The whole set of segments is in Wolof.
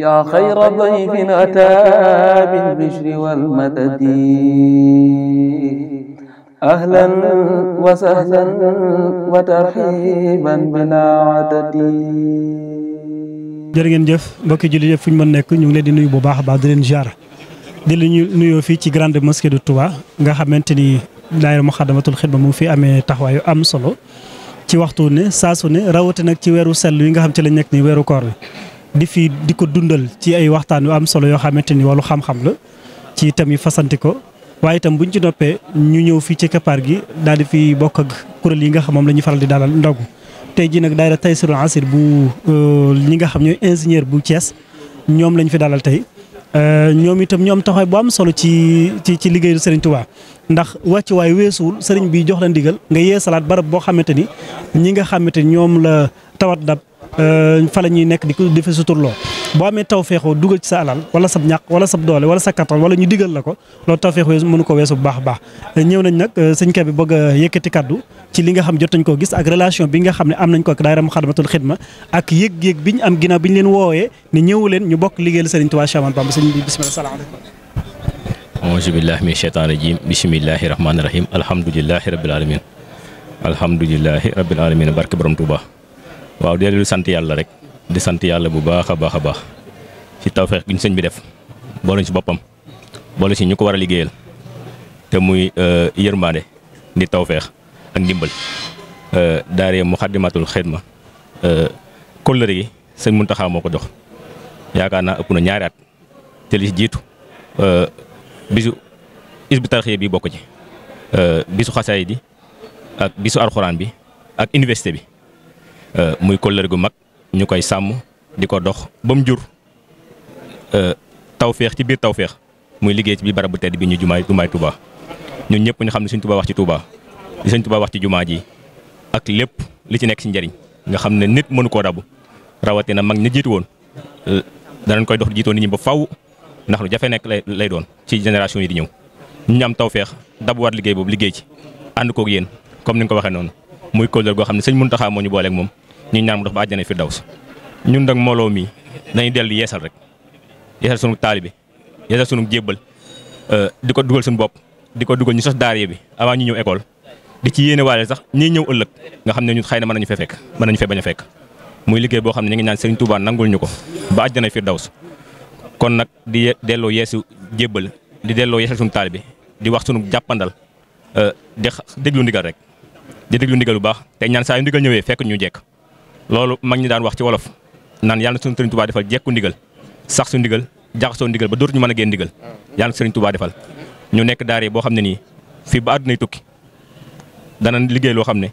yaa xayra dayfin ataa bil bishri wal madadi ahlan wa sahlan wa tarxiiban bilaa adadi jërë ngeen jëf mbokki fu ñu mën nekk ñu ngi leen di nuyu bu baax a baax di leen ziar di leen nuyoo fii ci grande mosquée de Touba nga xamante ni daayira Muxaddamatul Xidma mu fi amee taxawaayu am solo ci waxtu ne saasu ne rawatina nag ci weeru sell yi nga xam ci lañ nekk ni weeru koor bi di fi di ko dundal ci ay waxtaan yu am solo yoo xamante ni wàllu xam-xam la ci itam yi fasanti ko waaye itam buñ ci noppee ñu ñëw fii ci keppaar gi daal di fi bokk ak kuréel yi nga xam moom la faral di dalal ndogu tey jii nag daayira Taysirul Asir bu euh, ñi nga xam ñooy ingénieur bu Thiès ñoom lañ fi dalal tey euh, ñoom itam ñoom taxawaay bu am solo ci ci ci liggéeyu Serigne Touba ndax wàccuwaay weesuwul Serigne bi jox la ndigal nga yeesalaat barab boo xamante ni ñi nga xamante ni ñoom la tawat dab Euh, fa la ñuy nekk di ko defee suturloo boo amee taw feexoo dugal ci sa alal wala sa ñàq wala sa doole wala sa kattan wala ñu digal la ko loolu taw feexoo mënu ko weesu bu baax a baax ñëw nañ nag euh, sëñ Kebe bëgg a yëkkati kaddu ci li nga xam jot nañ ko gis ak relation bi nga xam ne am nañ ko ak daayira Muxaddamatul Xidma ak yëg-yëg bi ñu am ginnaaw bi ñu leen woowee ni ñëw leen ñu bokk liggéeyal Sëriñ Tuubaa Séex Ahmadu Bamba sëñ bi bismillah salaamaaleykum auzu am min sheytaan rajim bismillahi rahmaani rahim alhamdulilahi rabil alamin alhamdulilahi rabil alamin barke borom Tuuba waaw dellu sant yàlla rek di sant yàlla bu baax a baax a baax ci tawfeex gi ñu sëñ bi def boole si boppam boole si ñu ko war a liggéeyal te muy euh, yërmaande di tawfeex ak ndimbal euh, daare Muxaddamatul ma euh, kóllëre gi sëñ Muntaxa moo ko jox yaakaar naa ëpp na ñaari at te li ci jiitu bisu isbu tarxiya bi bokk ci bisu xasaay bi ak bisu alxuraan bi ak université bi Euh, muy kóllëre gu mag ñu koy sàmm di ko dox ba mu jur euh, tawféex ci biir tawféex muy liggéey bi biir bu tedd bi ñu jumaay jumaay Touba ñun ñëpp ñu xam ne Sëñ Touba wax ci tubaa li Sëñ Touba wax ci jumaa ji ak lépp li ci nekk ci njariñ nga xam ne nit mënu koo dabu rawatina mag ñu jiit woon euh, danañ koy dox di jiitoon nit ñi ba faw ndax lu jafe nekk lay doon ci génération yi di ñëw ñu am tawféex dabuwaat liggéey boobu liggéey ci ànd koog yéen comme ni nga ko waxee noonu muy kóllëre goo xam ne Sëñ Muntaxa moo ñu ñu ñaan mu dox ba àjjana fi daws ñun nag mbooloo mi nañu dellu yeesal rek yeesal sunu taalibe yeesal sunu jébbal euh, di ko dugal suñu bopp di ko dugal ñu sos daara bi avant ñu ñëw école di ci yéene waale sax ñi ñëw ëllëg nga xam ne ñun xëy na mën nañu fee fekk mën nañu fee bañ a fekk muy liggéey boo xam ne ñu ngi ñaan Serigne Touba nangul ñu ko ba àjjana fi daws kon nag di delloo yeesu jébbal di delloo yeesal sunu taalibe di wax sunu jàppandal euh, di déglu ndigal rek di déglu ndigal bu baax te ñaan saa yu ndigal ñëwee fekk ñu jekk loolu mag ñi daan wax ci wolof naan yàlla na suñu sëriñ Tuubaa defal jekku ndigal sax su ndigal jaxasoo ndigal ba ñu mën a génn ndigal yàlla na sëriñ Tuubaa defal ñu nekk daara boo xam ne nii fii ba àddunay tukki dana liggéey loo xam ne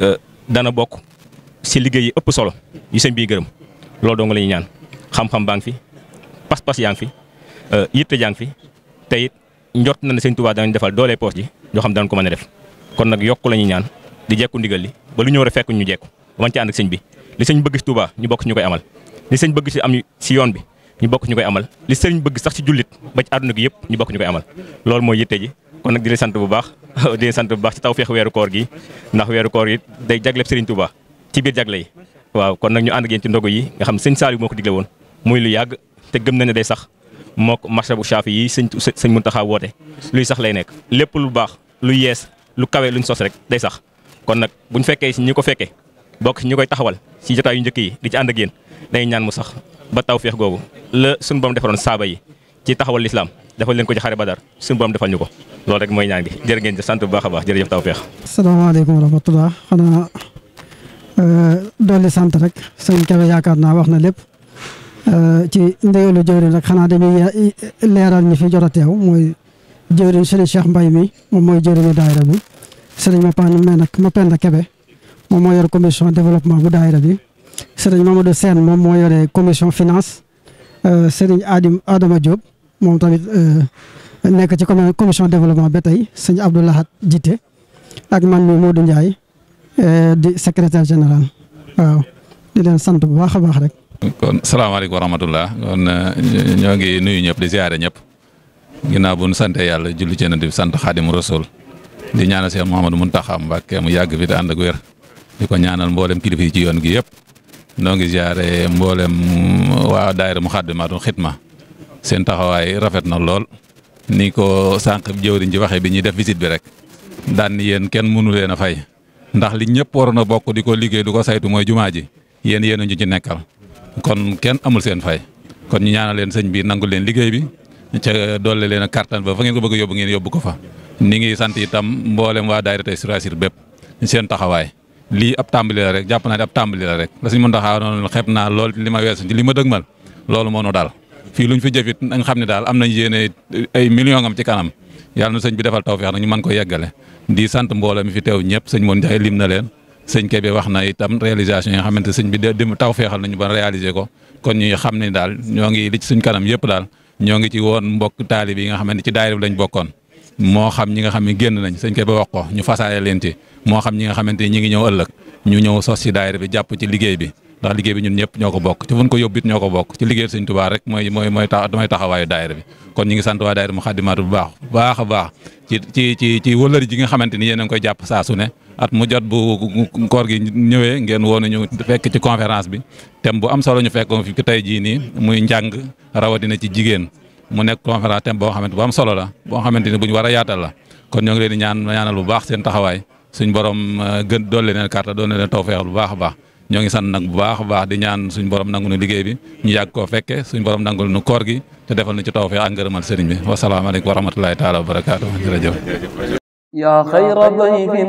euh, dana bokk si liggéey yi ëpp solo yi sëñ bii gërëm loolu dong la ñuy ñaan xam-xam baa ngi fi pas-pas yaa ngi fi euh, yitte yaa ngi fi tey it njort na ne sëñ Tuubaa defal doolee poos ji yoo xam danañ ko mën a def kon nag yokk la ñuy ñaan di jekku ndigal li ba lu ñu jekku man ci ànd ak sëñ bi li sëñ bëgg si Touba ñu bokk ñu koy amal li sëñ bëgg si am si yoon bi ñu bokk ñu koy amal li sëñ bëgg sax si jullit ba ci àdduna gi yëpp ñu bokk ñu koy amal loolu mooy yitte ji kon nag di leen sant bu baax di leen sant bu baax ci taw feex weeru koor gi ndax weeru koor yi day jagleb Serigne Touba ci biir jagle yi waaw kon nag ñu ànd ak yéen ci ndogu yi nga xam sëñ Saliou moo ko digle woon muy lu yàgg te gëm na ne day sax moo ko marché bu Chafi yi sëñ sëñ Muntaxa woote luy sax lay nekk lépp lu baax lu yees lu kawe luñ sos rek day sax kon nag buñ fekkee si ñi ko fekkee bokk ñu koy taxawal ci jotaay yu njëkk yi di ci ànd ak yéen ñaan mu sax ba taw feex googu la suñu borom defaroon saaba yi ci taxawal lislaam defal leen ko ci xare ba badar suñu borom defal ñu ko loolu rek mooy ñaan gi jërë ngeen sant bu baax a baax jërëjëf taw feex asalaamaaleykum wa rahmatullah xanaa euh, dolli sant rek sëñ Kebe yaakaar naa wax na lépp euh, ci ndégalu jëwriñ rek xanaa dañuy leeral ñi fi jot a teew mooy jëwriñ sëriñ Cheikh Mbay mi moom mooy jëwriñu daayira bi sëriñ ma paan me nag ma penda Kebe moom moo yor commission développement bu daayira bi sëriñ Mamadou Sène moom moo yore commission finance euh, sëriñ Adim Adama Diop moom tamit euh, nekk ci commission développement ba tey sëñ Abdou Lahad Jité ak man mi Modou Ndiaye euh, di secrétaire général waaw di leen sant bu baax a baax rek. kon salaamaaleykum wa rahmatullah kon ñoo ngi nuyu ñëpp di ziare ñëpp ginnaaw bu nu sant yàlla julli ci nabi bi sant xaadim rasul di ñaanal Cheikh Mouhamadou Mountakha Mbacké mu yàgg fi te ànd di ko ñaanal mboolem kilifa ci yoon gi yëpp noo ngi ziare mboolem waa mu daayira Muxaddamatul Xidma seen taxawaay rafet na lool ni ko sànq jëwriñ ci waxee bi ñuy def visite bi rek daan ni yéen kenn mënu leen a fay ndax li ñëpp waroon a bokk di ko liggéey du ko saytu mooy jumaa ji yéen yéen ñu ci nekkal kon kenn amul seen fay kon ñu ñaanal leen sëñ bi nangu leen liggéey bi ca doole leen a kartan ba fa ngeen ko bëgg yóbbu ngeen yóbbu ko fa. ni ngi sant itam mboolem waa daayira Hizbut Tarqiyyah bépp seen taxawaay lii ab tàmbali rek jàpp naa ne ab tàmbali la rek la suñ mën taxaa noonu lool li ma weesu ci li ma dëgmal loolu moo nu daal fii luñ fi jëfit nañ xam ne daal am nañ yéene ay million am ci kanam yàlla na sëñ bi defal tawfeex na ñu mën ko yeggale di sant mbooloo mi fi teew ñëpp sëñ Moon Njaay lim na leen sëñ wax na itam réalisation yi nga xamante sëñ bi dem tawfeexal nañu ba réaliser ko kon ñuy xam ne daal ñoo ngi li ci suñ kanam yëpp daal ñoo ngi ci woon mbokk taalib yi nga xamante ci daayira lañ bokkoon moo xam ñi nga xam ne génn nañ sëñ ko ba wax ko ñu fasaare leen ci moo xam ñi nga xamante ñi ngi ñëw ëllëg ñu ñëw sos ci daayira bi jàpp ci liggéey bi ndax liggéey bi ñun ñëpp ñoo ko bokk ci fu ñu ko yóbbit bokk ci liggéey sëñ Tuubaa rek mooy mooy mooy tax mooy taxawaayu daayira bi kon ñi ngi sant waa daayira Muxaddamatul bu baax baax a baax ci ci ci ci wëllëri ji nga xamante ni yéen a ngi koy jàpp saa su ne at mu jot bu koor gi ñëwee ngeen woon ñu fekk ci conférence bi thème bu am solo ñu fekk fi tey jii nii muy njàng rawatina ci jigéen mu nekk conférence thème boo xamante bu am la boo xamante ni bu ñu war a yaatal la kon ñoo ngi leen di ñaan ñaanal bu baax seen taxawaay suñ borom euh, gën leen kàttan doole leen tawfeexal bu baax baax ñoo ngi sant nag bu baax a baax di ñaan suñ borom nangu nu liggéey bi ñu yàgg koo fekke suñ borom nangul nu koor gi te defal nu ci tawfeex ak ngërëmal sëriñ bi wasalaamaaleykum wa rahmatulahi taala wa barakaatu jërëjëf yaa xayra dayfin